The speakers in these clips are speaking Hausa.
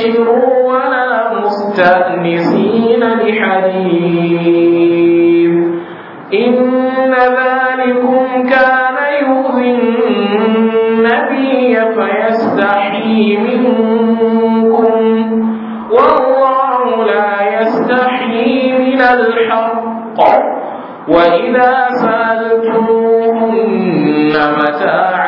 تستكبروا ولا مستأنسين لحديث إن ذلكم كان يؤذي النبي فيستحي منكم والله لا يستحي من الحق وإذا سألتموهن متاعا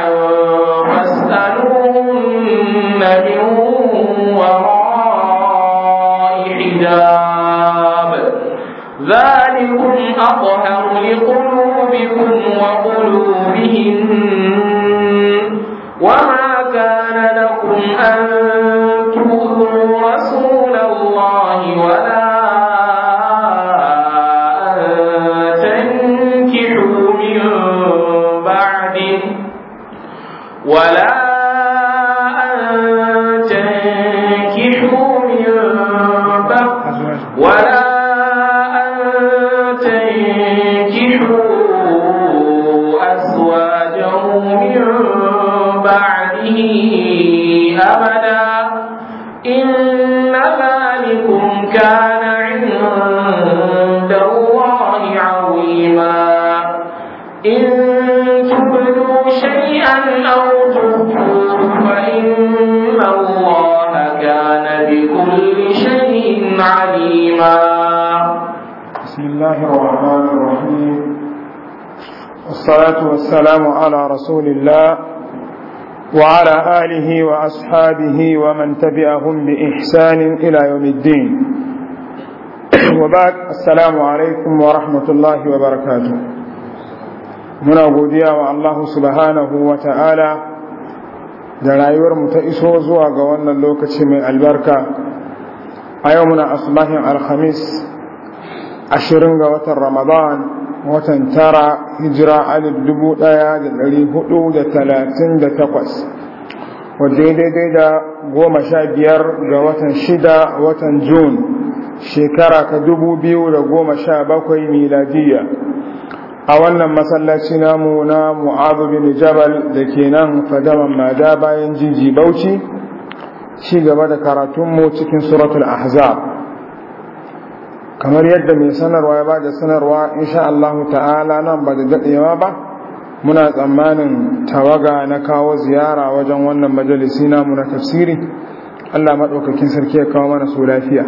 أطهر لقلوبكم وقلوبهم وما كان لكم أن والصلاة والسلام على رسول الله وعلى آله وأصحابه ومن تبعهم بإحسان إلى يوم الدين وبعد السلام عليكم ورحمة الله وبركاته muna godiya wa Allah subhanahu wa da rayuwarmu ta iso zuwa ga wannan lokaci mai albarka a yau muna asbahin alhamis ashirin ga watan ramadan watan tara hijira alif dubu ɗaya da ɗari hudu da talatin da takwas wadda daidai da goma sha biyar ga watan shida watan jun shekara ka dubu biyu da goma sha bakwai miladiya a wannan masallaci namu na mu'adu bin jabal da ke nan fadaman mada bayan jiji bauchi ci gaba da karatunmu cikin suratul ahzab kamar yadda mai sanarwa ya ba da sanarwa insha Allah ta'ala nan ba da daɗewa ba muna tsammanin tawaga na kawo ziyara wajen wannan majalisi mu na tafsiri Allah maɗaukakin sarki ya kawo mana su lafiya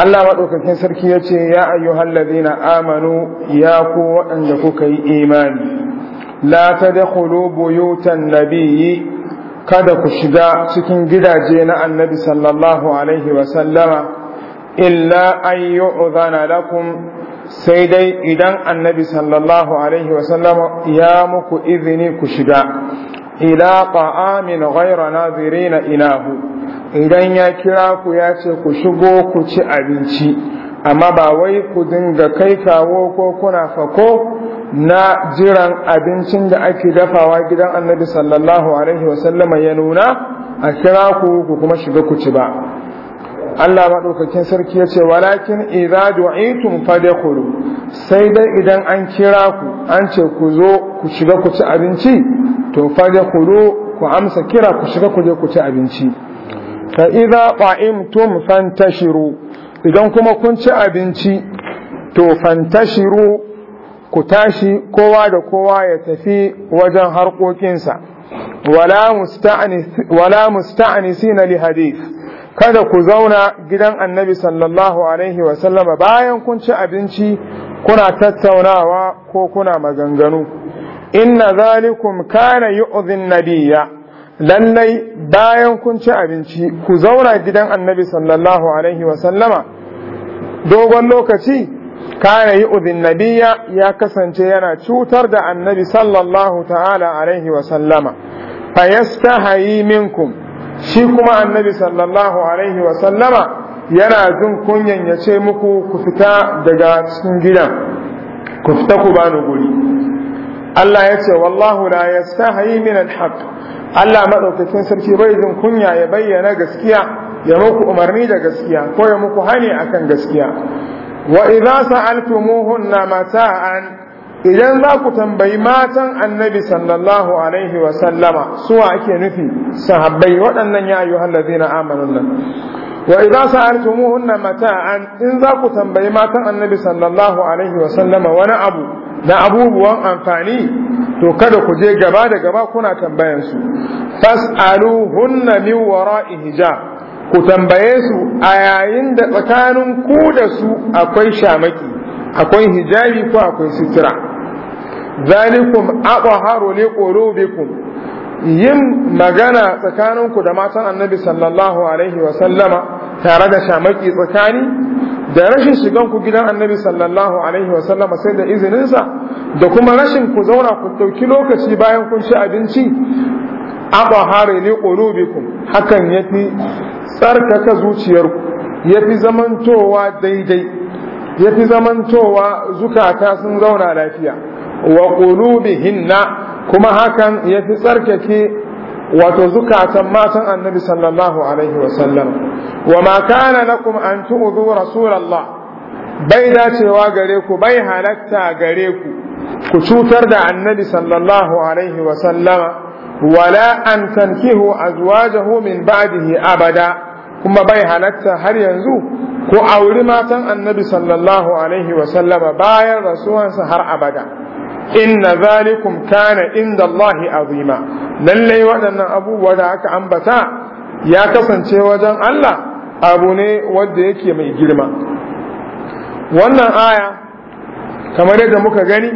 Allah maɗaukakin sarki ya ce ya ayyuhal ladina amanu ya ku waɗanda kuka yi imani la tadkhulu buyutan nabiyyi kada ku shiga cikin gidaje na annabi sallallahu alaihi wa sallama illa an yu'zana lakum sai dai idan annabi sallallahu alaihi wasallam ya muku izini ku shiga ila ta'amin ghayra nazirina inahu idan ya kira ku ya ce ku shigo ku ci abinci amma ba wai ku dinga kai kawo ko kuna fako na jiran abincin da ake dafawa gidan annabi sallallahu alaihi wasallama ya nuna a kira ku ku kuma shiga ku ci ba Allah maɗaukakin sarki ya ce walakin idza du'itum fadkhulu sai dai idan an kira ku an ce ku zo ku shiga ku ci abinci to fadkhulu ku amsa kira ku shiga ku je ku ci abinci fa idza qa'imtum fantashiru idan kuma kun ci abinci to fantashiru ku tashi kowa da kowa ya tafi wajen harkokinsa wala musta'nisina na hadith kada ku zauna gidan annabi sallallahu alaihi wasallama bayan kun ci abinci kuna tattaunawa ko kuna maganganu inna zalikum kana yu'dhin nabiyya lallai bayan kun ci abinci ku zauna gidan annabi sallallahu alaihi wasallama dogon lokaci kana yu'dhin nabiyya ya kasance yana cutar da annabi sallallahu ta'ala alaihi wasallama fayastahi minkum shi kuma annabi sallallahu alaihi wa sallama yana jin kunyan ya ce muku ku fita daga cikin gidan ku fita ku bani guri Allah ya ce wallahu la yastahi min al-haq Allah madaukakin sarki bai jin kunya ya bayyana gaskiya ya muku umarni da gaskiya ko ya muku hani akan gaskiya wa idza sa'altumuhunna mata'an idan za ku tambayi matan annabi sallallahu alaihi wa su suwa ake nufi sahabbai waɗannan ya hallazi na amanu nan wa idza sa'altumuhunna mata'an in za ku tambayi matan annabi sallallahu alaihi wa sallama wani abu na abubuwan amfani to kada ku je gaba da gaba kuna tambayan su fas'aluhunna min wara'i hijab ku tambaye su a yayin da tsakanin ku da su akwai shamaki akwai hijabi ko akwai Sitira? zalikum aqharu liqulubikum yin magana tsakaninku da matan annabi sallallahu alaihi wa tare da shamaki tsakani da rashin shigan ku gidan annabi sallallahu alaihi wa sai da izininsa da kuma rashin ku zauna ku ɗauki lokaci bayan kun ci abinci aqharu liqulubikum hakan ya yafi tsarkaka zuciyarku Ya fi zamantowa daidai Ya fi zamantowa zukata sun zauna lafiya wa qulubihinna kuma hakan yafi tsarkake wato zukatan matan annabi sallallahu alaihi wa sallam wa ma kana lakum an tu'dhu bai dacewa gare ku bai halatta gare ku ku cutar da annabi sallallahu alaihi wa sallama wala an tankihu azwajahu min ba'dihi abada kuma bai halatta har yanzu ku auri matan annabi sallallahu alaihi wa sallama bayan rasuwansa har abada inna zalikum kana inda Allahi azima lallai waɗannan abubuwa da aka ambata ya kasance wajen Allah abu ne wanda yake mai girma wannan aya kamar yadda muka gani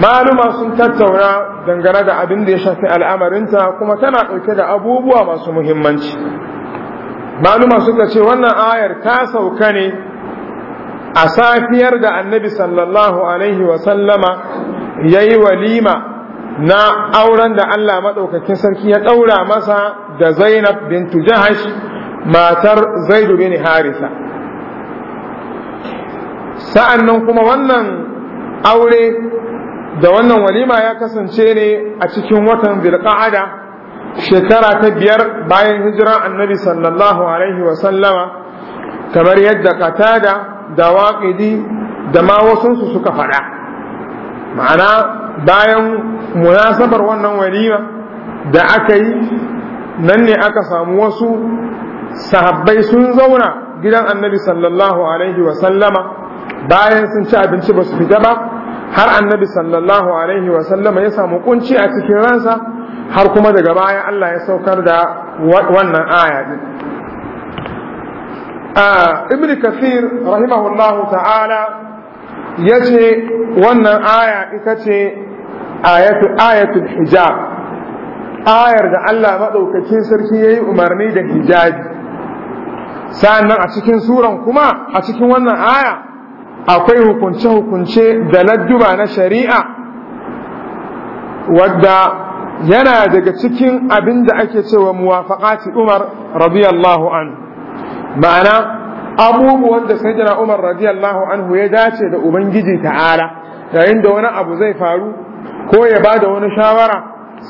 maluma sun tattauna dangane da abin da ya shafi al'amarinta kuma tana ɗauke da abubuwa masu muhimmanci maluma suka ce wannan ayar ta sauka ne a safiyar da annabi sallallahu alaihi wasallama ya yi walima na auren da Allah maɗaukakin sarki ya ɗaura masa da zainab bintu jahash matar zaidu bin harisa sa'an nan kuma wannan aure da wannan walima ya kasance ne a cikin watan bilka'ada shekara ta biyar bayan hijira, annabi sallallahu alaihi wasallama kamar yadda katada da waƙidi da ma wasunsu suka faɗa ma'ana bayan munasabar wannan walima da aka yi nan ne aka samu wasu sahabbai sun zauna gidan annabi sallallahu alaihi wasallama bayan sun ci abinci ba su fita ba har annabi sallallahu alaihi wasallama ya samu kunci a cikin ransa har kuma daga baya Allah ya saukar da wannan aya ibn kathir rahimahullahu ta'ala ya ce wannan aya ita ce ayatul hijab ayar da Allah maɗaukacin sarki ya yi umarni da hijabi Sannan a cikin suran kuma a cikin wannan aya akwai hukunce-hukunce da ladduba na shari'a wadda yana daga cikin abin da ake cewa muwafaƙati umar radiyallahu anhu ma'ana abubuwan da sayyidina Umar radiyallahu anhu ya dace da ubangiji ta'ala yayin da wani abu zai faru ko ya bada wani shawara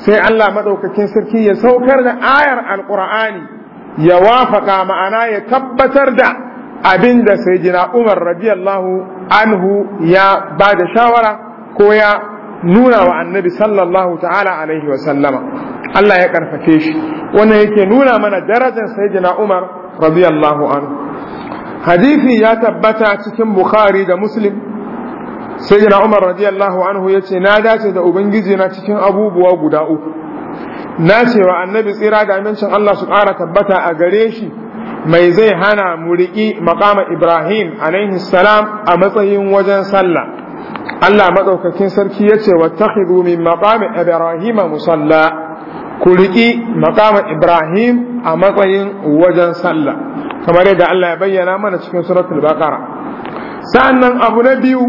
sai Allah madaukakin sarki ya saukar da ayar alqur'ani ya wafaka ma'ana ya tabbatar da abin da sayyidina Umar radiyallahu anhu ya bada shawara ko ya nuna wa annabi sallallahu ta'ala alaihi wa sallama Allah ya karfafe shi wannan yake nuna mana darajar sayyidina Umar radiyallahu hadisi ya tabbata cikin bukhari da muslim sayyidina umar radiyallahu anhu yace na dace da ubangiji na cikin abubuwa guda uku na cewa annabi tsira da amincin Allah su ƙara tabbata a gare shi mai zai hana mu riƙi maƙama Ibrahim alaihi salam a matsayin wajen sallah Allah maɗaukakin sarki ya ce wa min maƙama Ibrahim musalla ku riƙi maƙamar ibrahim a matsayin wajen sallah kamar yadda Allah ya bayyana mana cikin suratul baqara sa'annan abu na biyu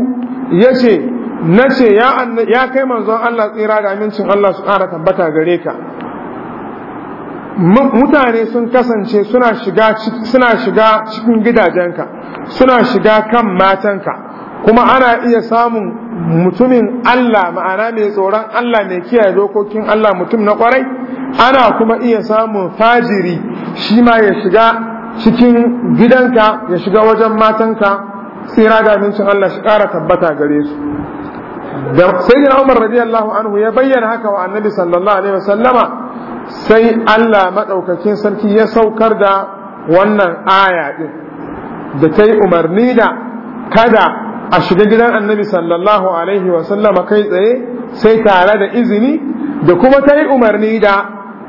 yace nace ya ya kai manzon Allah tsira da amincin Allah su ƙara tabbata gare ka mutane sun kasance suna shiga suna shiga cikin gidajenka suna shiga kan matanka kuma ana iya samun mutumin Allah ma'ana mai tsoron Allah mai kiyaye dokokin Allah mutum na kwarai ana kuma iya samun fajiri shi ma ya shiga cikin gidanka ya shiga wajen matanka tsira da mincin Allah shi kara tabbata gare su da sayyidina Umar radiyallahu anhu ya bayyana haka wa annabi sallallahu alaihi wasallama sai Allah madaukakin sarki ya saukar da wannan aya din da ta yi umarni da kada a shiga gidan annabi sallallahu alaihi wasallama kai tsaye sai tare da izini da kuma ta yi umarni da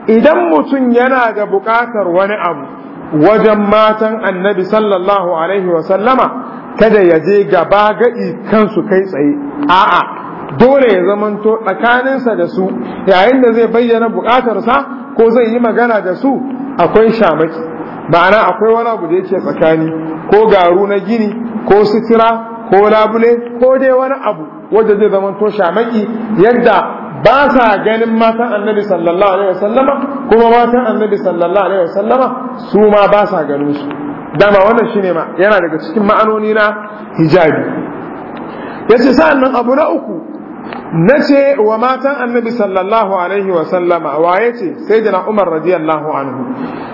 idan mutum yana da buƙatar wani abu wajen matan annabi sallallahu alaihi wasallama kada ya je gaba gaɗi kansu kai tsaye a'a dole ya zamanto tsakaninsa da su yayin da zai bayyana buƙatarsa ko zai yi magana da su akwai shamaki ma'ana akwai wani abu da yake tsakani ko garu na gini ko sutura ko labule ko dai wani abu wanda zai zama to shamaki yadda ba sa ganin matan annabi sallallahu alaihi wasallama kuma matan annabi sallallahu alaihi wasallama su ma ba sa ganin su dama wannan shine ma yana daga cikin ma'anoni na hijabi yace nan abu na uku nace wa matan annabi sallallahu alaihi wasallama wa yace sayyidina umar radiyallahu anhu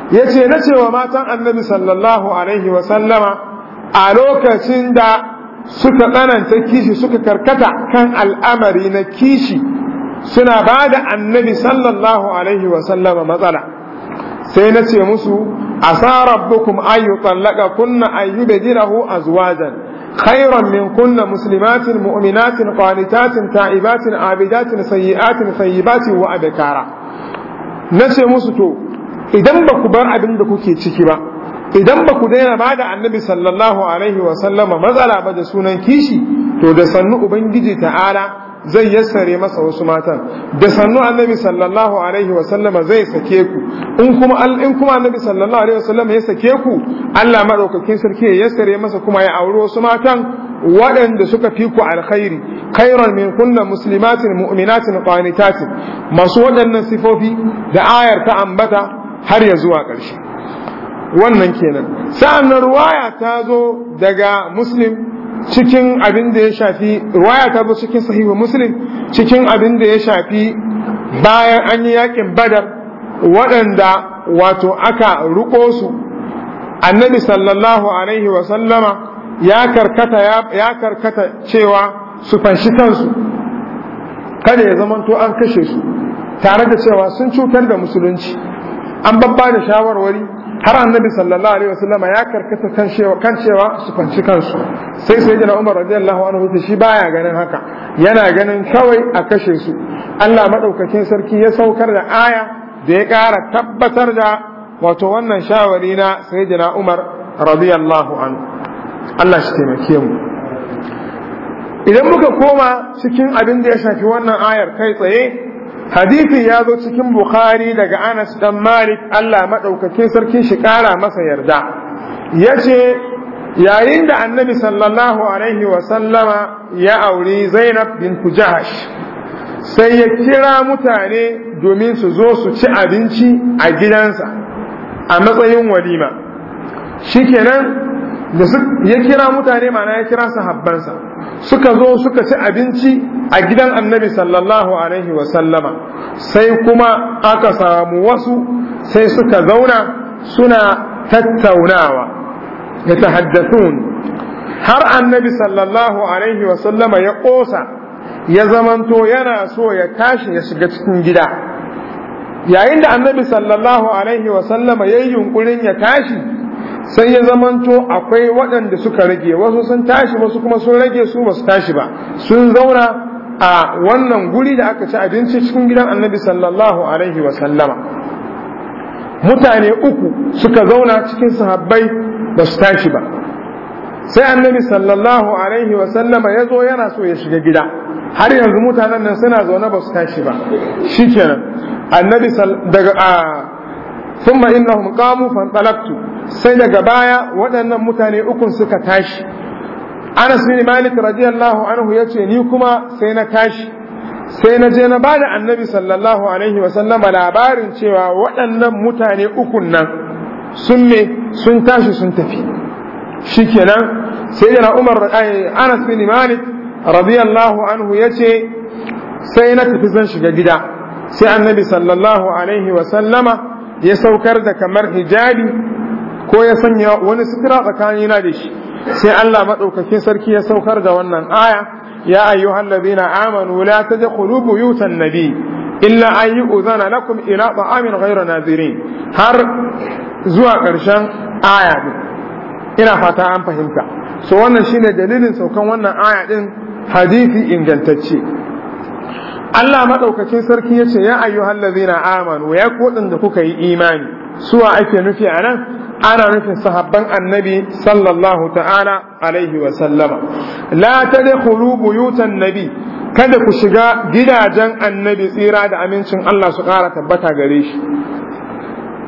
yace nace wa matan annabi sallallahu alaihi wasallama a lokacin da suka tsananta kishi suka karkata kan al'amari na kishi suna ba da annabi sallallahu alaihi wasallama matsala sai na ce musu asa rabbukum ayu tsallaka kunna ayu a zuwajen. khairan min kunna muslimatin mu'minatin qanitatin ta'ibatin abidatin sayyi'atin sayyibatin wa abkara nace musu to idan ba ku bar abin da kuke ciki ba idan ba ku daina ba da annabi sallallahu alaihi wa sallama matsala ba da sunan kishi to da sannu ubangiji ta'ala zai yassare masa wasu matan da sannu annabi sallallahu alaihi wa sallama zai sake ku in kuma in kuma annabi sallallahu alaihi wa sallama ya sake ku Allah madaukakin sarki ya yassare masa kuma ya auri wasu matan waɗanda suka fi ku alkhairi khairan min kunna muslimatin mu'minatin qanitatin masu waɗannan sifofi da ayar ta ambata har ya zuwa ƙarshe wannan kenan sa'annan ruwaya ta zo daga muslim cikin abin da ya shafi ruwaya ta zo cikin sahihu muslim cikin abin da ya shafi bayan an yi yakin badar waɗanda wato aka ruko su annabi sallallahu alaihi wa sallama ya karkata ya karkata cewa su fanshi kansu kada ya zama to an kashe su tare da cewa sun cutar da musulunci an babba da shawarwari har annabi sallallahu alaihi wasallam ya karkata kan cewa kan cewa su fanci kansu sai sai jira Umar radiyallahu anhu shi baya ganin haka yana ganin kawai a kashe su Allah madaukakin sarki ya saukar da aya da ya ƙara tabbatar da wato wannan shawari na sai jira Umar radiyallahu anhu Allah shi taimake mu idan muka koma cikin abin da ya shafi wannan ayar kai tsaye hadisin ya zo cikin bukhari daga anas dan malik allah maɗaukakin sarkin shi ƙara masa yarda ya ce yayin da annabi sallallahu alaihi wasallama ya auri zainab bin jahash sai ya kira mutane domin su zo su ci abinci a gidansa a matsayin walima shikenan da ya kira mutane mana ya kira sahabbansa suka zo suka ci abinci a gidan annabi sallallahu alaihi wasallama sai kuma aka samu wasu sai suka zauna suna tattaunawa ya tahaddathun har annabi sallallahu alaihi wasallama ya ƙosa ya zamanto yana so ya tashi ya shiga cikin gida yayin da annabi sallallahu alaihi wasallama ya yi yunkurin ya tashi sai ya zamanto akwai waɗanda suka rage wasu sun tashi wasu kuma sun rage su ba tashi ba sun zauna a wannan guri da aka ci abinci cikin gidan annabi sallallahu alaihi wa sallama mutane uku suka zauna cikin sahabbai ba su tashi ba sai annabi sallallahu alaihi wa sallama ya zo yana so ya shiga gida har yanzu mutanen nan suna zaune ba su tashi ba shikenan annabi daga sun ma inna hun kamu fantalaktu sai daga baya waɗannan mutane ukun suka tashi ana suni malik radiyallahu anhu ya ce ni kuma sai na tashi sai na je na bada annabi sallallahu alaihi wasallama labarin cewa waɗannan mutane ukun sun me sun tashi sun tafi shi kenan sai yana umar ana suni malik radiyallahu anhu ya ce sai na tafi zan shiga gida sai annabi sallallahu alaihi wasallama ya saukar da kamar hijabi ko ya sanya wani sutura tsakanina da shi sai Allah maɗaukakin sarki ya saukar da wannan aya ya ayyuhal ladina amanu la tadkhulu buyutan nabi illa an yu'zana lakum ila ta'amin ghayra nazirin har zuwa ƙarshen aya din ina fata an fahimta so wannan shine dalilin saukan wannan aya din hadisi ingantacce Allah maɗaukacin sarki ya ce ya ayyuhal ladzina amanu ya kodin da kuka yi imani suwa ake nufi a nan ana nufin sahabban annabi sallallahu ta'ala alaihi wa sallama la tadkhulu buyutan nabi kada ku shiga gidajen annabi tsira da amincin Allah su ƙara tabbata gare shi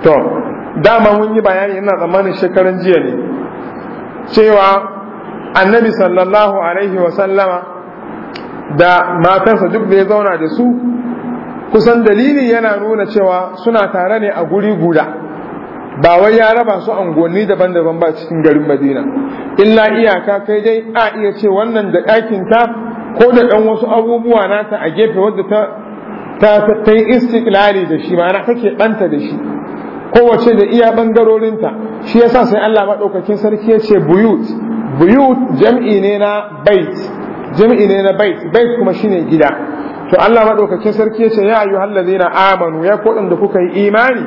to dama mun yi bayani ina tsammanin shekaran jiya ne cewa annabi sallallahu alaihi wa sallama da matarsa duk da ya zauna da su kusan dalili yana nuna cewa suna tare ne a guri guda ba wai ya raba su angonni daban-daban ba cikin garin madina illa iyaka kai dai a iya ce wannan da ɗakin ta ko da ɗan wasu abubuwa nata a gefe wadda ta ta yi istiklali da shi ma'ana take ɓanta da shi kowace da iya ɓangarorinta shi yasa sai Allah maɗaukakin sarki ya ce buyut buyut jam'i ne na bait jami'i ne na bait bait kuma shine gida to Allah madaukakin sarki yace ya ayu hallazina amanu ya kodan da kuka yi imani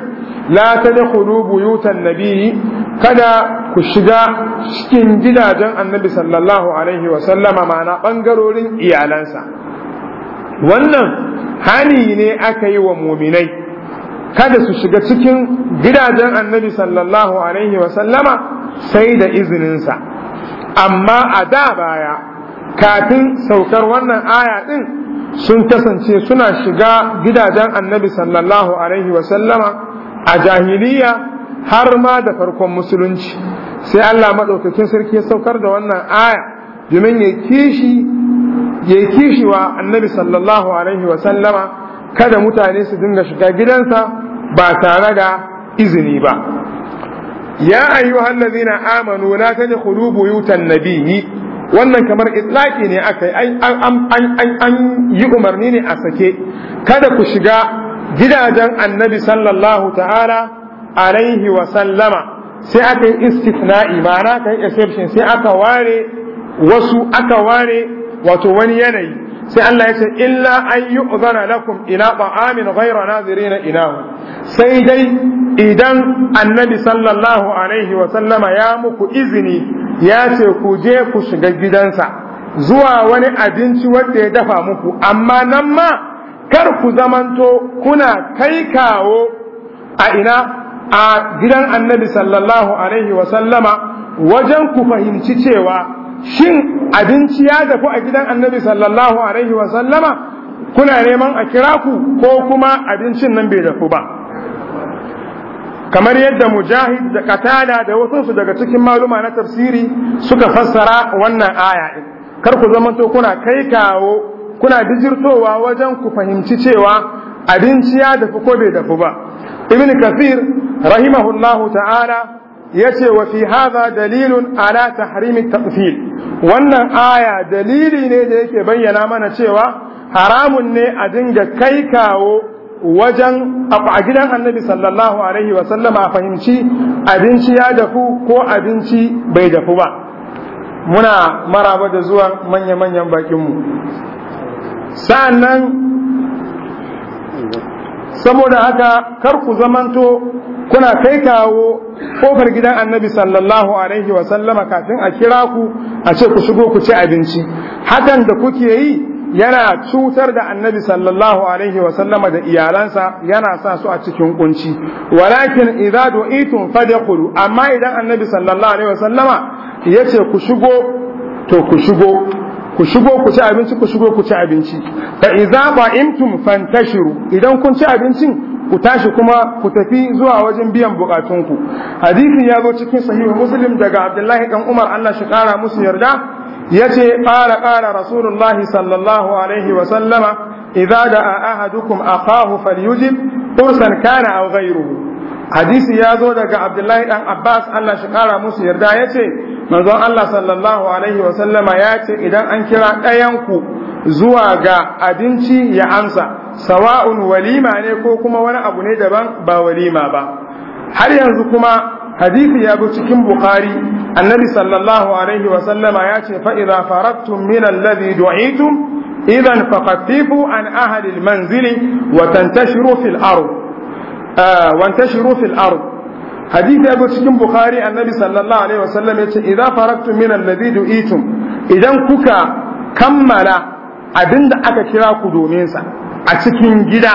la tadkhulu buyutan nabiyyi kada ku shiga cikin gidajen annabi sallallahu alaihi wa sallama ma'ana bangarorin iyalansa wannan hani ne aka yi wa muminai kada su shiga cikin gidajen annabi sallallahu alaihi wa sallama sai da izininsa amma a da baya kafin saukar wannan aya din sun kasance suna shiga gidajen annabi sallallahu alaihi wasallama a jahiliya har ma da farkon musulunci sai Allah maɗaukakin sarki ya saukar da wannan aya domin ya kishi ya kishi wa annabi sallallahu alaihi wasallama kada mutane su dinga shiga gidansa ba tare da izini ba ya ayyuhallazina amanu la tadkhulu buyutan nabiyyi wannan kamar itlaki ne aka yi an yi umarni ne a sake kada ku shiga gidajen annabi sallallahu ta'ala alaihi wa sallama sai aka yi istithna'i ma'ana ka yi exception sai aka ware wasu aka ware wato wani yanayi sai Allah ya ce illa an yi uzana lakum ila ta'amin ghayra na ina sai dai idan annabi sallallahu alaihi wa sallama ya muku izini ya ce ku je ku shiga gidansa zuwa wani abinci wanda ya dafa muku amma nan ma kar ku zamanto kuna kai kawo a ina a gidan annabi sallallahu alaihi wa sallama wajen ku fahimci cewa shin abinci ya dafu a gidan annabi sallallahu alaihi wa sallama kuna neman a kira ku ko kuma abincin nan bai dafu ba kamar yadda mujahid da katada da wasu daga cikin maluma na tafsiri suka fassara wannan aya kar ku zama to kuna kai kawo kuna bijirtowa wajen ku fahimci cewa abinci ya dafu ko bai dafu ba ibn kathir rahimahullahu ta'ala yace wa fi hadha dalilun ala tahrim tafsil wannan aya dalili ne da yake bayyana mana cewa haramun ne a dinga kai kawo wajen a gidan annabi sallallahu alaihi wa a fahimci abinci ya dafu ko abinci bai dafu ba muna maraba da zuwa manya-manyan bakinmu sa'annan saboda haka kar ku zamanto kuna kai kawo kofar gidan annabi sallallahu alaihi wa sallama kafin a kira ku a ce ku shigo ku ci abinci hakan da kuke yi yana cutar da annabi sallallahu alaihi wa sallama da iyalansa yana sa su a cikin kunci walakin idza du'itum fadkhulu amma idan annabi sallallahu alaihi wa sallama yace ku shigo to ku shigo ku shigo ku ci abinci ku shigo ku ci abinci fa idza ba'imtum fantashiru idan kun ci abincin ku tashi kuma ku tafi zuwa wajen biyan bukatunku hadisin ya zo cikin sahihu muslim daga abdullahi dan umar Allah shi kara musu yarda yace fara ƙara rasulullahi sallallahu alaihi wa sallama idza da'a ahadukum akahu falyujib qursan kana aw ghayruhu hadisi ya zo daga abdullahi dan abbas allah shi kara musu yarda ya ce manzon allah sallallahu alaihi wasallama ya ce idan an kira ɗayanku zuwa ga abinci ya amsa sawa'un walima ne ko kuma wani abu ne daban ba walima ba har yanzu kuma hadisi ya bi cikin bukhari annabi sallallahu alaihi wasallama ya ce fa idza min alladhi du'itum idan faqatifu an ahli manzili wa tantashiru fil ardh wantashiru fil ard hadisi ya cikin bukhari annabi sallallahu alaihi wasallam yace idza faraktum min alladhi du'itum idan kuka kammala abinda aka kira ku domin sa a cikin gida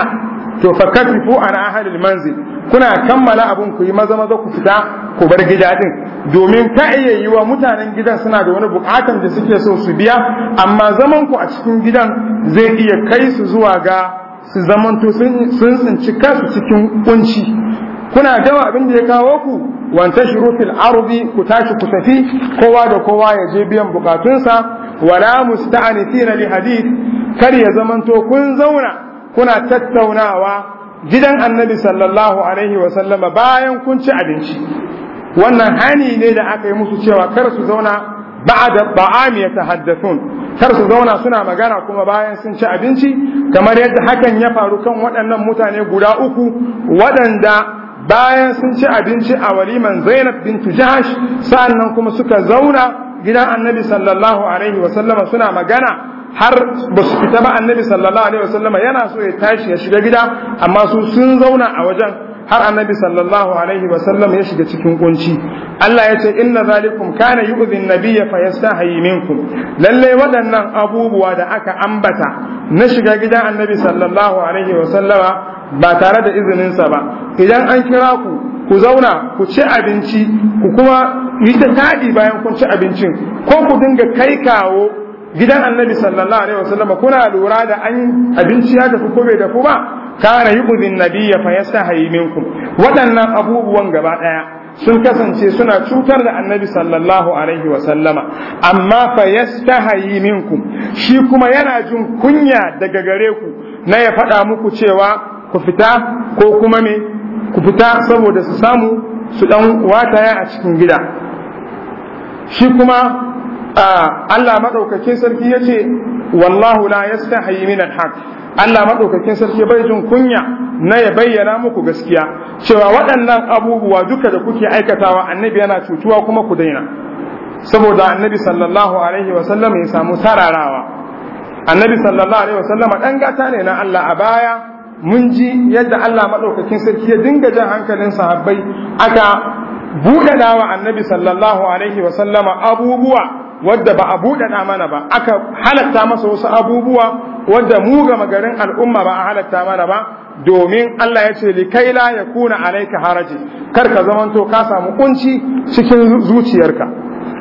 to fakaffifu an ahlil manzil kuna kammala abin ku yi maza maza ku fita ku bar gida din domin ka iya yi wa mutanen gidan suna da wani bukatan da suke so su biya amma zaman ku a cikin gidan zai iya kai su zuwa ga su zamanto sun tsinci kansu cikin kunci kuna dawa abin da ya kawo ku wanta shiru fil ardi ku tashi ku tafi kowa da kowa ya je biyan bukatunsa wala musta'anifina li hadith kar ya zamanto kun zauna kuna tattaunawa gidan annabi sallallahu alaihi wa sallama bayan kun ci abinci wannan hani ne da aka yi musu cewa kar su zauna ba'da ta'am yatahaddathun kar su zauna suna magana kuma bayan sun ci abinci kamar yadda hakan ya faru kan waɗannan mutane guda uku waɗanda bayan sun ci abinci a waliman Zainab bintu Jahash sa'annan kuma suka zauna gidan Annabi sallallahu alaihi wa sallama suna magana har ba su fita ba Annabi sallallahu alaihi wa sallama yana so ya tashi ya shiga gida amma su sun zauna a wajen har annabi sallallahu alaihi wa ya shiga cikin kunci Allah ya ce inna zalikum kana ya nabiyya fayastahi minkum lalle waɗannan abubuwa da aka ambata na shiga gidan annabi sallallahu alaihi wa sallama ba tare da izininsa ba idan an kira ku ku zauna ku ci abinci ku kuma yi ta taɗi bayan kun ci abincin ko ku dinga kai kawo gidan annabi sallallahu alaihi wasallam kuna lura da an abinci ya tafi ko bai dafu ba kana yubdhin nabiya fa sa minkum waɗannan abubuwan gaba ɗaya sun kasance suna cutar da annabi sallallahu alaihi wa sallama amma fa sa shi kuma yana jin kunya daga gare ku na ya faɗa muku cewa ku fita ko kuma me ku fita saboda su samu su ɗan wataya a cikin gida shi kuma ah, Allah maɗaukakin sarki ya ce wallahu la yastahi min al Allah madaukakin sarki bai jin kunya na ya bayyana muku gaskiya cewa waɗannan abubuwa duka da kuke aikatawa annabi yana cutuwa kuma ku daina saboda annabi sallallahu alaihi wa sallam ya samu sararawa annabi sallallahu alaihi wa sallama dan gata ne na Allah a baya mun ji yadda Allah madaukakin sarki ya dinga jan hankalin sahabbai aka buɗaɗa dawa annabi sallallahu alaihi wa sallama abubuwa wadda ba a buɗaɗa mana ba aka halatta masa wasu abubuwa wadda mu ga magarin al'umma ba a halatta mana ba domin Allah ya ce likai la kuna alaika haraji kar ka zamanto ka samu kunci cikin zuciyarka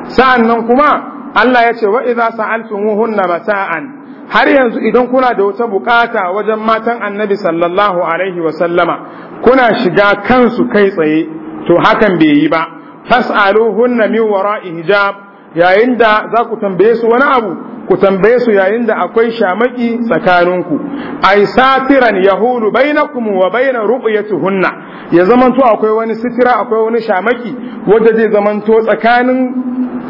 sa'annan kuma Allah ya ce wa idza sa'altumuhunna mata'an har yanzu idan kuna da wata bukata wajen matan Annabi sallallahu alaihi wa sallama kuna shiga kansu kai tsaye to hakan bai yi ba fas'aluhunna min wara'i hijab yayin da za ku tambaye su wani abu ku tambaye su yayin da akwai shamaki tsakaninku ai satiran yahulu bainakum wa baina ru'yatihunna ya zamanto akwai wani sitira akwai wani shamaki wanda zai zamanto tsakanin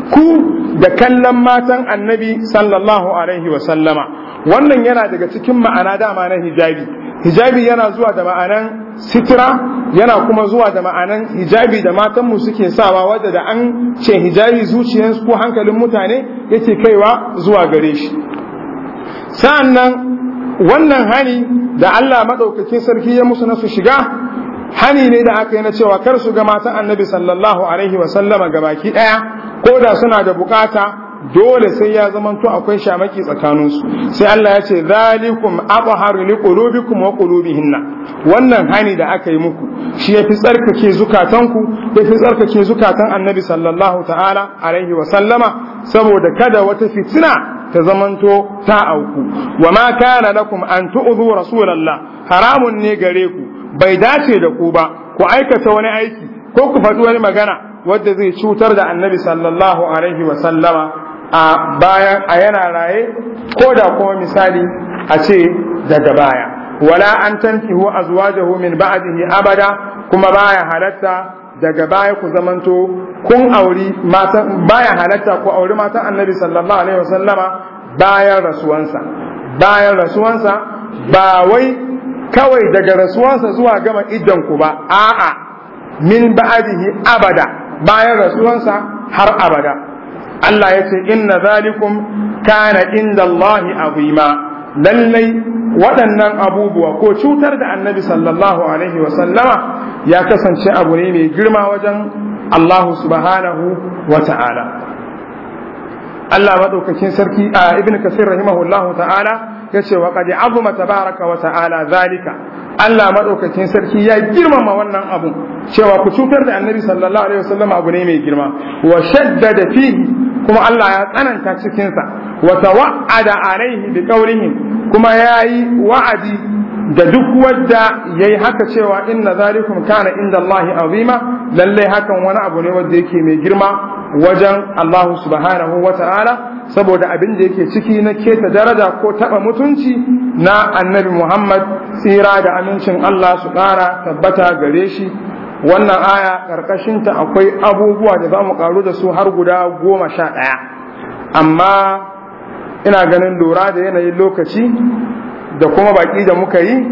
ku da kallon matan annabi sallallahu alaihi wa sallama wannan yana daga cikin ma'ana dama na hijabi hijabi yana zuwa da ma'anan sitira yana kuma zuwa da ma'anan hijabi da matanmu suke sawa wadda da an ce hijabi zuciyarsu ko hankalin mutane yake kaiwa zuwa gare shi sa'annan wannan hani da Allah maɗaukakin sarki ya musu nasu shiga hani ne da aka yi na cewa kar su ga matan annabi sallallahu alaihi wasallama ga baki ɗaya ko da suna da bukata dole sai ya zamanto akwai shamaki tsakaninsu sai Allah ya ce zalikum abharu liqulubikum wa qulubihinna wannan hani da aka yi muku shi yafi tsarkake zukatanku yafi tsarkake zukatan Annabi sallallahu ta'ala alaihi wa sallama saboda kada wata fitina ta zamanto ta auku wa ma kana lakum an tu'dhu rasulallah haramun ne gare ku bai dace da ku ba ku aikata wani aiki ko ku faɗi wani magana wadda zai cutar da annabi sallallahu alaihi wa sallama a bayan a yana raye ko da kuma misali a ce daga baya wala an tankihu azwajahu min ba'dihi abada kuma baya halatta daga baya ku zamanto kun auri mata. baya halatta ku auri mata annabi sallallahu alaihi wasallama bayan rasuwansa bayan rasuwansa ba wai kawai daga rasuwansa zuwa gama iddan ku ba a'a min ba'dihi abada bayan rasuwansa har abada Allah ya ce inna zalikum kana inda Allahi azima lallai waɗannan abubuwa ko cutar da annabi sallallahu alaihi wa sallama ya kasance abu ne mai girma wajen Allah subhanahu wa ta'ala Allah maɗaukakin sarki a ibn kasir rahimahullahu ta'ala ya ce wa kadi azuma tabaraka wa ta'ala zalika Allah madaukakin sarki ya girmama wannan abun cewa ku cutar da annabi sallallahu alaihi wa wasallam abu ne mai girma wa shaddada fihi kuma Allah ya tsananta cikinsa wa tawa'ada alaihi bi qawlihim kuma yayi wa'adi da duk wadda yayi haka cewa inna zalikum kana inda Allah azima lalle hakan wani abu ne wanda yake mai girma wajen Allah subhanahu wa ta'ala saboda abin da yake ciki na keta daraja ko taba mutunci na annabi Muhammad tsira da amincin Allah su ƙara tabbata gare shi wannan aya ƙarƙashinta akwai abubuwa da za mu ƙaru da su har guda goma sha ɗaya amma ina ganin lura da yanayin lokaci da kuma baƙi da muka yi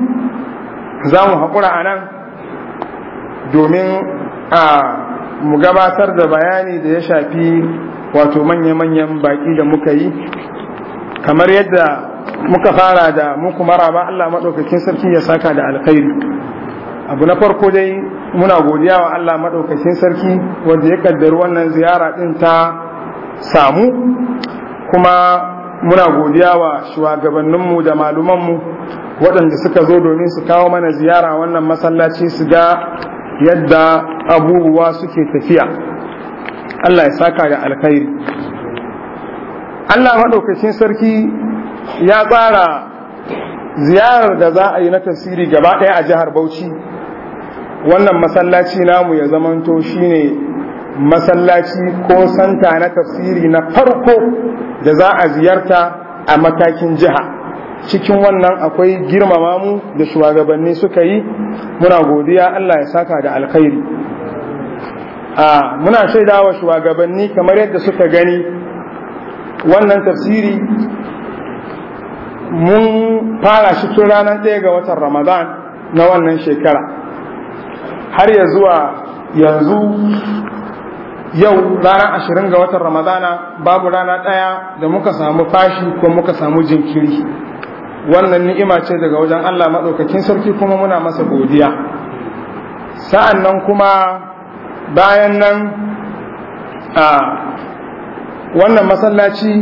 za mu haƙura a nan domin a mu gabatar da bayani da ya shafi wato manya-manyan baƙi da muka yi kamar yadda muka fara da muku maraba Allah maɗaukakin sarki ya saka da alkhairi abu na farko dai muna godiya wa Allah maɗaukacin sarki wanda ya kaddari wannan ziyara ɗin ta samu kuma muna godiya wa shugabanninmu da malumanmu waɗanda suka zo domin su kawo mana ziyara wannan masallaci su ga yadda abubuwa suke tafiya Allah ya saka da alkhairi Allah maɗaukacin sarki ya tsara ziyarar da za a yi na tasiri gaba ɗaya a jihar Bauchi wannan masallaci namu ya zamanto shine masallaci ko santa na tafsiri na farko da za a ziyarta a matakin jiha cikin wannan akwai girmama mu da shugabanni suka yi muna godiya Allah ya saka da alkhairi a muna wa shugabanni kamar yadda suka gani wannan tafsiri mun fara shi tun ranar ɗaya ga watan ramadan na wannan shekara har ya zuwa yanzu yau ranar ashirin ga watan ramadana babu rana ɗaya da muka samu fashi ko muka samu jinkiri wannan ni'ima ce daga wajen allah maɗaukakin sarki kuma muna masa godiya sa'an nan kuma bayan nan a wannan masallaci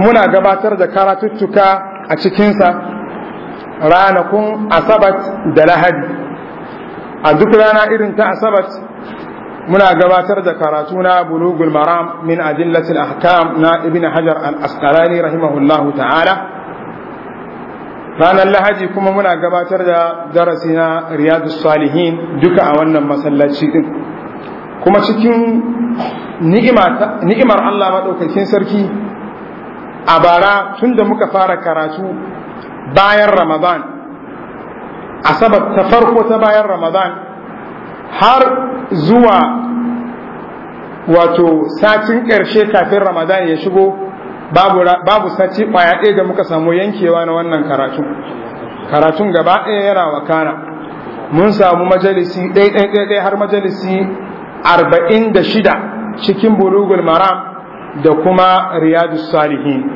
muna gabatar da karatuttuka a cikinsa ranakun asabat da lahadi a duk rana irin ta asabat muna gabatar da karatu na bulugul maram min adillatil ahkam na ibn hajar al-asqalani rahimahullahu ta'ala ranar lahaji kuma muna gabatar da darasi na riyadu salihin duka a wannan masallaci din kuma cikin ni'imar Allah maɗaukakin sarki a bara tun da muka fara karatu bayan ramadan asabar ta farko ta bayan ramadan har zuwa wato satin ƙarshe kafin ramadan ya shigo babu sati ƙwaya ɗaya da muka samu yankewa na wannan karatu karatun gaba ɗaya yana wakana mun samu majalisi ɗai-ɗai-ɗai-ɗai har majalisi arba'in da shida cikin bulugul maram da kuma riyadu salihin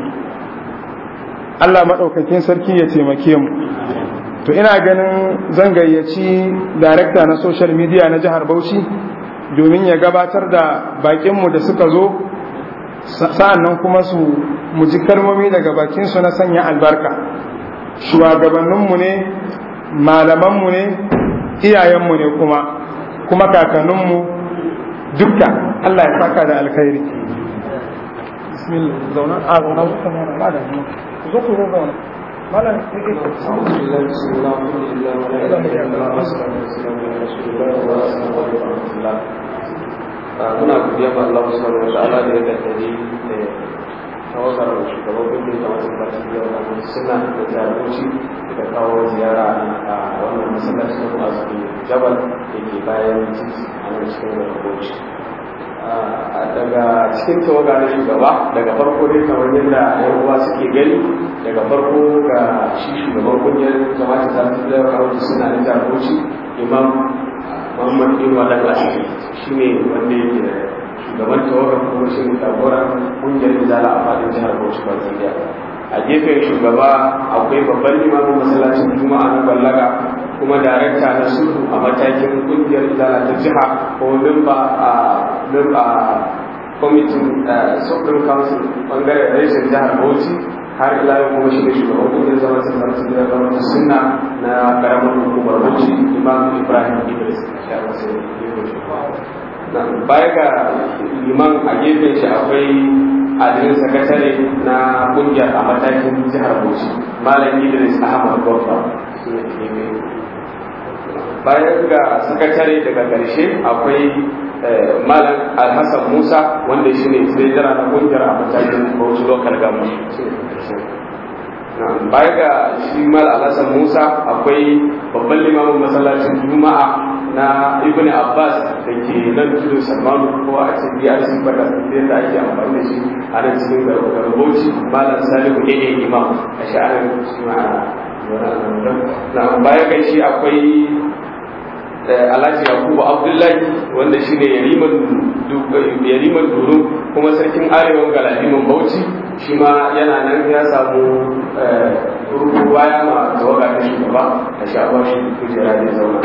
Allah maɗaukakin sarki ya taimake mu to ina ganin zan gayyaci darekta na social media na jihar Bauchi domin ya gabatar da bakinmu da suka zo sa'annan kuma su mu ji kalmomi daga bakinsu na sanya albarka shugabanninmu ne malamanmu ne iyayenmu ne kuma kuma kakanninmu dukka Allah ya saka da alkhairi bismillah zauna a ah, zauna kuma na da zo ku zo zauna malam yake muna ma da ya daddare da eh, tawazar shugaban da wasu da suna da da kawo ziyara a wannan masallaci da jabal da ke bayan titi a nan cikin Ah, daga cikin tawaga na shugaba daga farko dai kamar yadda yan uwa suke gani daga farko ga shi shugaban kungiyar zama ta tafi da rawar suna da jagoci imam muhammad bin wadal asiri shi ne wanda yake da shugaban tawaga kuma shi ne tagora kungiyar zala a fadin jihar bauchi ba zai a gefen shugaba akwai babban limamin masallacin juma'a na ballaga kuma darakta na sulhu a matakin kungiyar izala ta jiha ko mimba a mimba kwamitin sulhun council a rashin jihar bauchi har ila yau kuma shi ne shugaban kungiyar zama sassan sun da zaman sunna na karamar hukumar bauchi imam ibrahim idris ya wasu baya ga liman a gefen shi akwai adinin sakatare na kungiyar a matakin jihar bauchi malam idris ahmad gwamfa shi ne bayan ga sakatare daga ƙarshe akwai eh, malam alhassan musa wanda shine sai jira na kungiyar a matakin bauchi lokal gamu baya ga shi mal alhassan musa akwai babban limamin masallacin juma'a na ibn abbas da ke nan tudu salmanu ko a cikin su sun fada sun da ake amfani da shi a nan cikin garbauci malam salihu ne ne imam a sha'anin shi ma'ana na baya ga shi akwai alhaji yakubu abdullahi wanda shi ne yariman duru kuma sarkin arewa galadimin bauchi shi ma yana nan ya samu eh, rubu baya ma tawaga ta shugaba a sha'awar shi kujera da zauna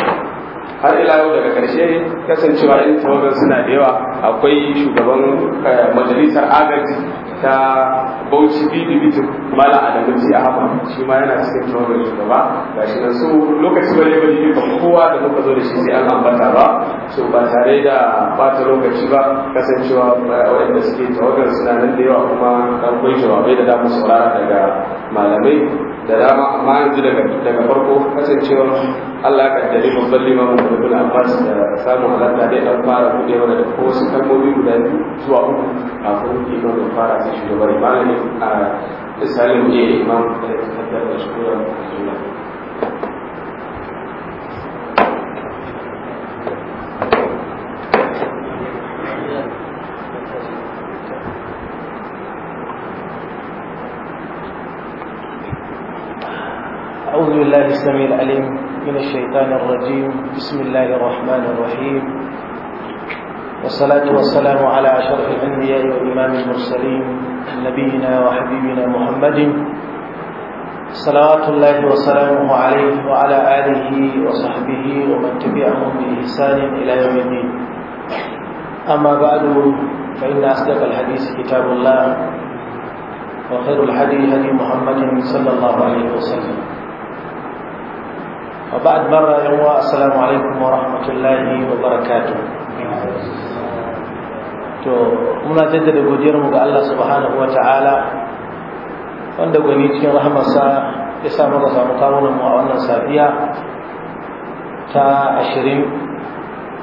har ila yau daga karshe kasancewa yin tawagar suna da yawa akwai shugaban eh, majalisar agaji ta bauchi bibi bitu mala a dagaci a haka shi ma yana cikin tawagar gaba ga shi nan su lokaci wani ba ne kowa da muka zo da shi sai an ambata ba so ba tare da bata lokaci ba kasancewa eh, waɗanda suke tawagar suna nan da yawa kuma akwai jawabai da damu saurara daga malamai da dama amma yanzu daga farko kasancewar Allah ka dare mu balli ma mu da kuna abbas da samu halatta dai an fara kuɗe mana da ko su kalmomi guda biyu zuwa uku kafin kuɗe mana fara sai shugaban malami a misalin ne imam da ya da shi بالله السميع العليم من الشيطان الرجيم بسم الله الرحمن الرحيم والصلاة والسلام على أشرف الأنبياء وإمام المرسلين نبينا وحبيبنا محمد صلوات الله وسلامه عليه وعلى آله وصحبه ومن تبعهم بإحسان إلى يوم الدين أما بعد فإن أصدق الحديث كتاب الله وخير الحديث هدي محمد صلى الله عليه وسلم وبعد مرة يوم السلام عليكم ورحمة الله وبركاته to muna jaddada godiyar mu ga Allah subhanahu ta'ala wanda gani cikin rahamarsa ya sa muka samu kawunan mu a wannan safiya ta ashirin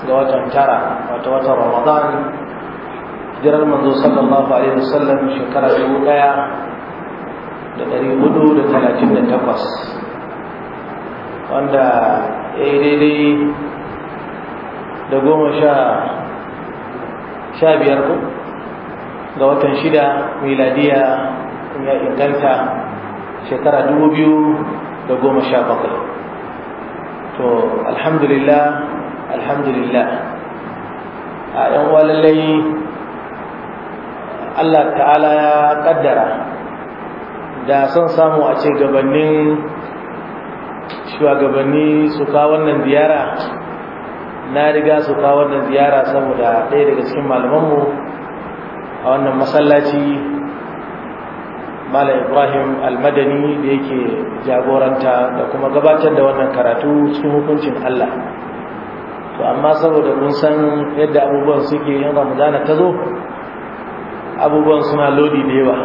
ga watan tara wata watan Ramadan hijirar manzo sallallahu alaihi wasallam shekara takwas. wanda ya yi daidai da goma sha biyar ku ga watan shida miladiya ya inganta shekara dubu biyu da goma sha bakwai to alhamdulillah alhamdulillah a yan walalai Allah ta'ala ya kaddara da son samu a ce gabanin shugabanni su kawo wannan ziyara na riga su kawo wannan ziyara saboda ɗaya daga cikin malamanmu a wannan masallaci malam ibrahim almadani da yake jagoranta da kuma gabatar da wannan karatu cikin hukuncin allah to amma saboda mun san yadda abubuwan suke yin ramadana ta zo abubuwan suna lodi da yawa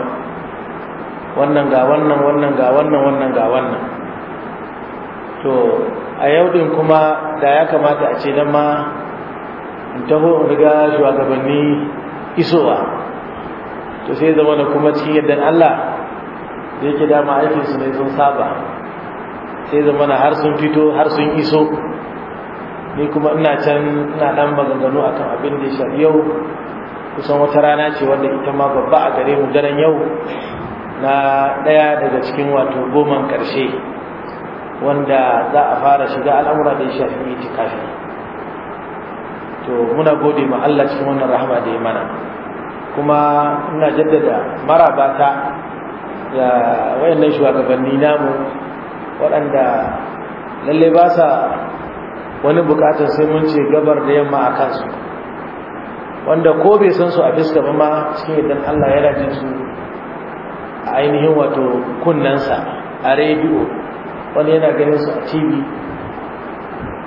wannan ga wannan wannan ga wannan wannan ga wannan to a yau din kuma da ya kamata a ce nan ma in taho in riga shugabanni isowa to sai zama na kuma cikin yadda Allah da yake dama aikinsu ne sun saba sai zama na har sun fito har sun iso ni kuma ina can ina dan maganganu akan abin da ya yau kusan wata rana ce wanda ita ma babba a gare mu daren yau na ɗaya daga cikin wato goman karshe wanda za a fara shiga al'amura da ya shafi itikafi to muna gode ma Allah cikin wannan rahama da ya mana kuma ina jaddada marabata da wayannan shugabanni namu waɗanda lalle ba sa wani bukatar sai mun ce gabar da yamma a kansu wanda ko bai san su a fiska ba ma cikin idan Allah ya rajin su a ainihin wato kunnansa a rediyo wani yana ganin su a tv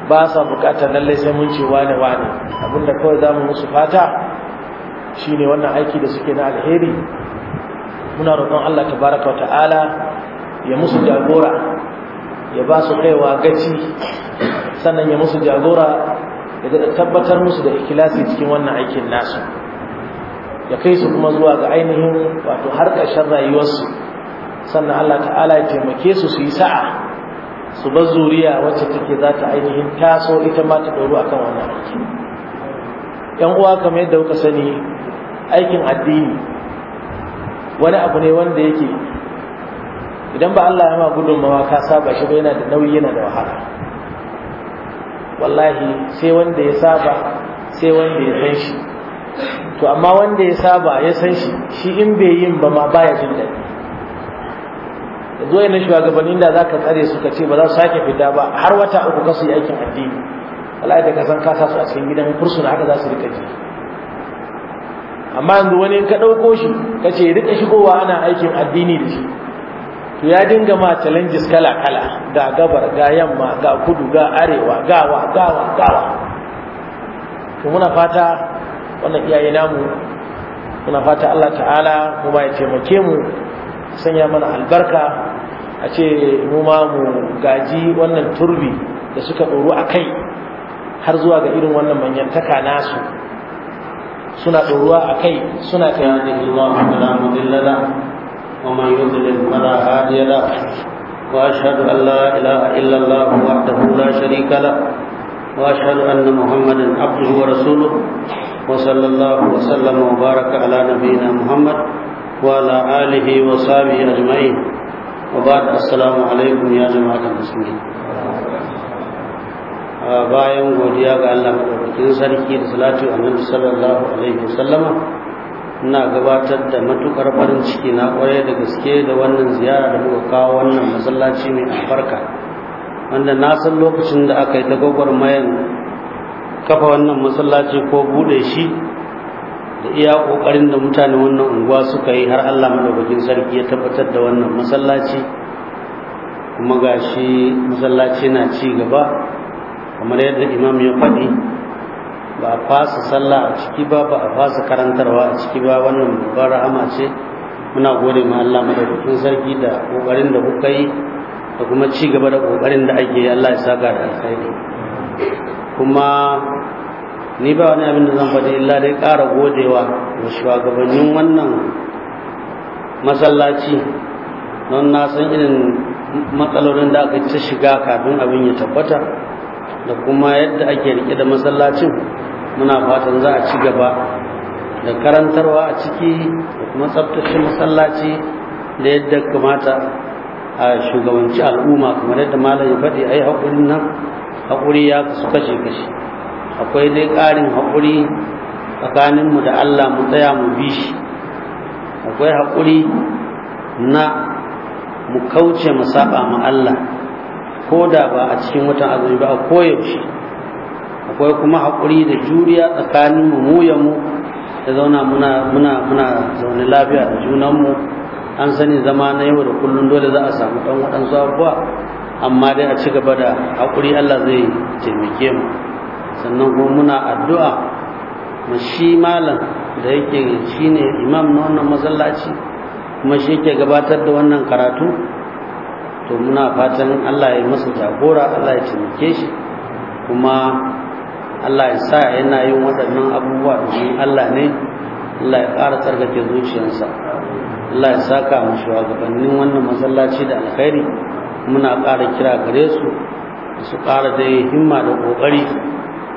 ba sa bukatar lallai sai mun ce wane wane abinda kawai za mu musu fata shi ne wannan aiki da suke na alheri muna roƙon Allah tabaraka wa ta'ala ya musu jagora ya ba su kaiwa gaci sannan ya musu jagora ya tabbatar musu da ikilasi cikin wannan aikin nasu ya kai su kuma zuwa ga ainihin wato har ƙarshen rayuwarsu sannan Allah ta'ala ya taimake su su yi sa'a su ba zuriya wacce take za ta ainihin taso ita ma ta ɗoru akan wannan aiki yan uwa kamar yadda kuka sani aikin addini wani abu ne wanda yake idan ba Allah ya ma gudunmawa ka saba shi ba yana da nauyi yana da wahala wallahi sai wanda ya saba sai wanda ya san shi to amma wanda ya saba ya san shi shi in bai yin ba ma baya jin daɗi yanzu wayannan shugabannin da zaka tsare su ka ce ba za su sake fita ba har wata uku kasu yi aikin addini wallahi da ka san ka su a cikin gidan na haka za su rika ji amma yanzu wani ka ɗauko shi ka ce rika shigowa ana aikin addini da shi to ya dinga ma challenges kala kala ga gabar ga yamma ga kudu ga arewa ga ga wa, wa, ga wa. to muna fata wannan iyaye namu muna fata Allah ta'ala kuma ya taimake mu sanya mana albarka a ce mu mu gaji wannan turbi da suka ɗoro a kai har zuwa ga irin wannan manyantaka nasu suna ɗoruwa a kai suna kai واشهد ان محمدا عبده ورسوله وصلى الله وسلم وبارك على نبينا محمد وعلى اله وصحبه اجمعين وبعد السلام alaikum ya جماعة المسلمين bayan godiya ga Allah madaukakin sarki da salatu annabi sallallahu alaihi wasallama ina gabatar da matukar farin ciki na kware da gaske da wannan ziyara da muka kawo wannan masallaci mai albarka wanda na san lokacin da aka yi ta gwagwarmayan kafa wannan masallaci ko bude shi da iya kokarin da mutane wannan unguwa suka yi har Allah madaukakin sarki ya tabbatar da wannan masallaci kuma gashi masallaci na ci gaba kamar yadda imam ya faɗi ba a fasa sallah a ciki ba ba a fasa karantarwa a ciki ba wannan babbar rahama ce muna gode ma Allah madaukakin sarki da kokarin da kuka yi da kuma ci gaba da kokarin da ake yi Allah ya saka da alkhairi kuma ni ba wani abin da zan faɗi illa dai ƙara godewa ga shugabannin wannan masallaci don na san irin matsalolin da aka ta shiga kafin abin ya tabbata da kuma yadda ake rike da masallacin muna fatan za a ci gaba da karantarwa a ciki da kuma tsabtace masallaci da yadda kamata a shugabanci al'umma kamar yadda malam ya faɗi yi haƙuri nan haƙuri ya kasu kashe-kashe akwai dai ƙarin haƙuri tsakaninmu da Allah mu tsaya mu bi shi akwai haƙuri na mu kauce mu saba ma Allah ko da ba a cikin watan azumi ba a koyaushe akwai kuma haƙuri da juriya tsakaninmu mu ya mu da zauna muna muna muna zaune lafiya da junanmu an sani zama na yau da kullum dole za a samu ɗan waɗansu abubuwa amma dai a ci gaba da haƙuri Allah zai taimake mu sannan kuma muna addu'a ma shi malam da yake shine imam na wannan masallaci kuma shi yake gabatar da wannan karatu to muna fatan Allah ya masa jagora Allah ya taimake shi kuma Allah ya sa yana yin waɗannan abubuwa domin Allah ne Allah ya ƙara tsarkake zuciyarsa Allah ya saka mu shugabannin wannan masallaci da alkhairi muna ƙara kira gare su su ƙara da himma da ƙoƙari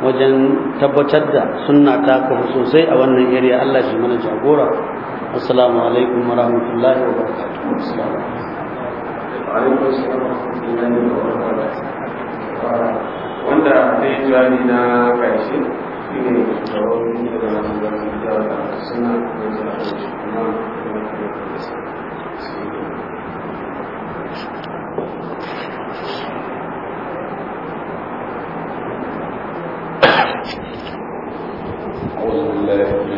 wajen tabbatar da sunna ta kafa sosai a wannan area Allah shi mana jagora assalamu alaikum wa rahmatullahi wa barakatuh wanda zai na karshe shi da da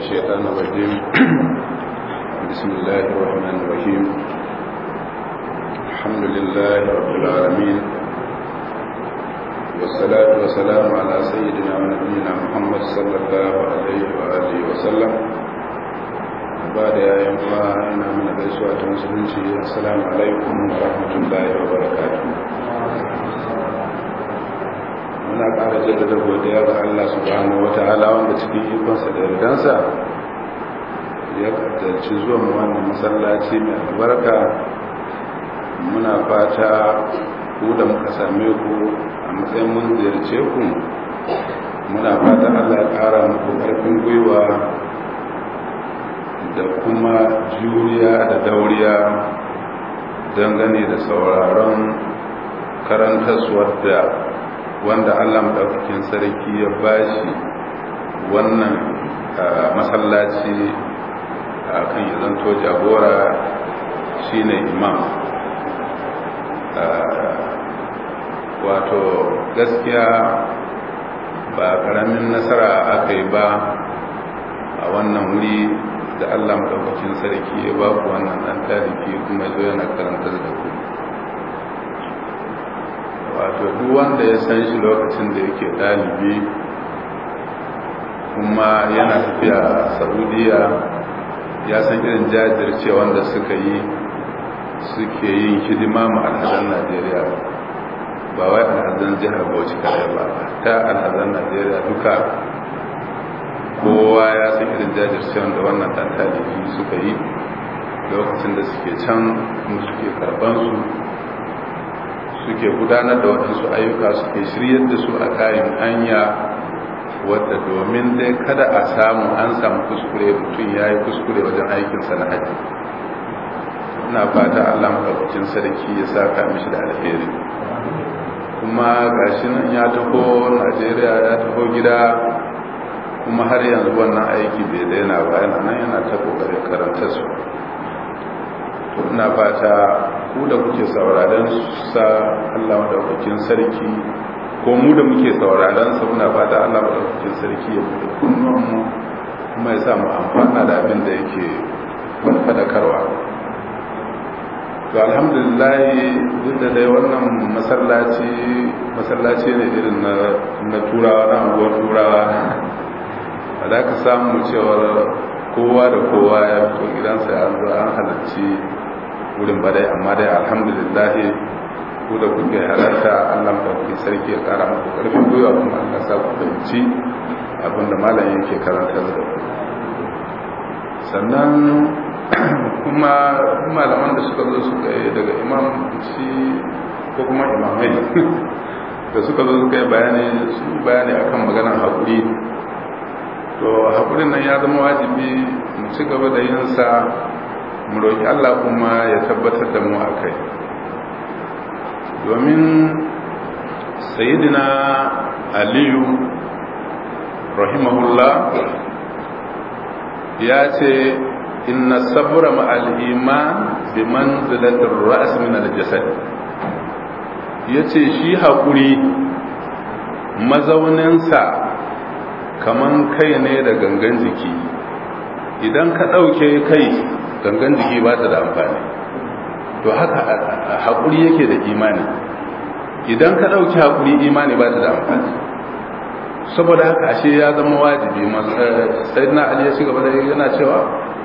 الشيطان الرجيم بسم الله الرحمن الرحيم الحمد لله رب العالمين والصلاة والسلام على سيدنا ونبينا محمد صلى الله عليه وآله وسلم بعد يا يوم إنا من الأسوات المسلمين السلام عليكم ورحمة الله وبركاته na ƙara jaddada godiya ga Allah subhanahu wata'ala wanda cikin ikonsa da yardansa ya kaddarci zuwa mu wannan masallaci mai albarka muna fata ku da muka same ku a matsayin mun ziyarce ku muna fata Allah ya ƙara muku ƙarfin gwiwa da kuma juriya da dauriya dangane da sauraron karantarsuwar da wanda Allah madaukakin sarki ya bashi wannan ah, masallaci akan ah, yanzu jagora shine imam ah, wato gaskiya ba karamin nasara aka yi ba a wannan wuri da Allah madaukakin sarki ya ba ku wannan dan tarihi kuma zo yana karantar da ku wato duk wanda ya san shi lokacin da yake ɗalibi kuma yana tafiya a saudiya ya san irin jajirce wanda suka yi suke yin hidima ma alhazan najeriya ba wai alhazan jihar bauchi kare ba ta alhazan najeriya duka kowa ya san irin jajirce wanda wannan ɗan suka yi lokacin da suke can kuma suke karbansu suke gudanar da waɗansu ayyuka suke shiryar da su a kayan hanya wata domin dai kada a samu an samu kuskure mutum ya yi kuskure wajen aikinsa na haji ina fata allah maɗaukakin sarki ya saka mishi da alheri kuma gashi nan ya taho najeriya ya taho gida kuma har yanzu wannan aiki bai daina ba yana nan yana ta kokarin karanta su to ina fata ku da kuke sauraron sa Allah madaukakin sarki ko mu da muke sauraron sa muna fata Allah madaukakin sarki ya bude kunnuwan mu kuma ya sa mu amfana da abin da yake fadakarwa to alhamdulillah duk da dai wannan masallaci masallaci ne irin na na turawa na unguwar turawa ba za ka samu cewar kowa da kowa ya fito gidansa an halarci wurin ba dai amma dai alhamdulillah ku da kuke halarta Allah madauki sarki ya kara muku karfin gwiwa kuma Allah sa ku fahimci abin da malam yake karanta da sannan kuma malaman da suka zo suka yi daga imam shi ko kuma imamai da suka zo suka yi bayani su bayani akan maganar haƙuri to haƙurin nan ya zama wajibi mu ci gaba da yin sa mu roƙi Allah kuma ya tabbatar da mu a kai domin sayidina aliyu rahimahullah ya ce inna sabura ma'al iman bi manzilatir ra's min al-jasad ce shi hakuri mazauninsa kaman kai ne da gangan jiki idan ka ɗauke kai gangan jiki ba ta da amfani to haka haƙuri yake da imani idan ka ɗauki haƙuri imani ba ta da amfani saboda haka ashe ya zama wajibi eh, sai na ali ya shiga da yana cewa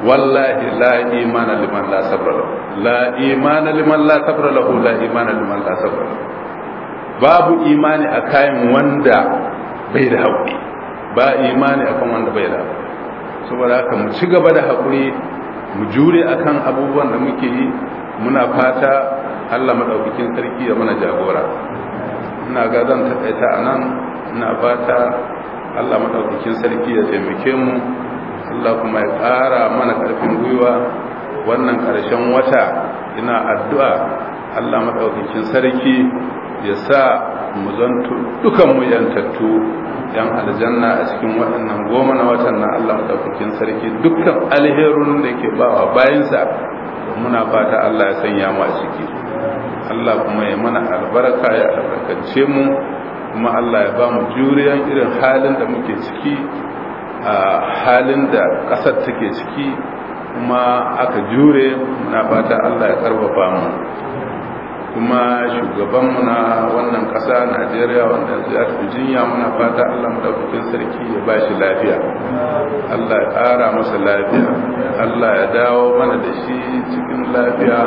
wallahi la imana liman la sabra la imana liman la sabra la imana liman la sabra babu imani a kayan wanda bai da haƙuri ba imani akan wanda bai da haƙuri saboda haka mu ci gaba da haƙuri mu jure akan abubuwan da muke yi muna fata Allah madaukakin sarki ya mana jagora ina ga zan a nan, ina fata Allah madaukakin sarki ya taimake mu Allah kuma ya ƙara mana ƙarfin gwiwa wannan ƙarshen wata ina addu'a Allah madaukakin sarki ya sa mu zanto dukan mu yantattu yan aljanna a cikin waɗannan goma na watan na Allah madaukakin sarki dukkan alherun da ke bawa bayansa muna fata Allah ya sanya mu a ciki Allah kuma ya mana albarka ya albarkace mu kuma Allah ya ba mu juriyan irin halin da muke ciki a halin da ƙasar take ciki kuma aka jure muna fata Allah ya ƙarfafa mu kuma shugabanmu na wannan ƙasa najeriya wanda ya jinya muna fata allah madaukakin sarki ya ba shi lafiya allah ya ƙara masa lafiya allah ya dawo mana da shi cikin lafiya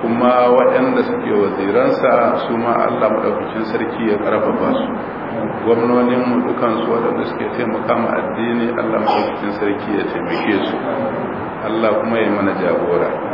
kuma waɗanda suke waziransa su ma allah madaukakin sarki ya ƙarfafa su gwamnoninmu dukansu waɗanda suke taimaka ma addini allah madaukakin sarki ya taimake su allah kuma ya mana jagora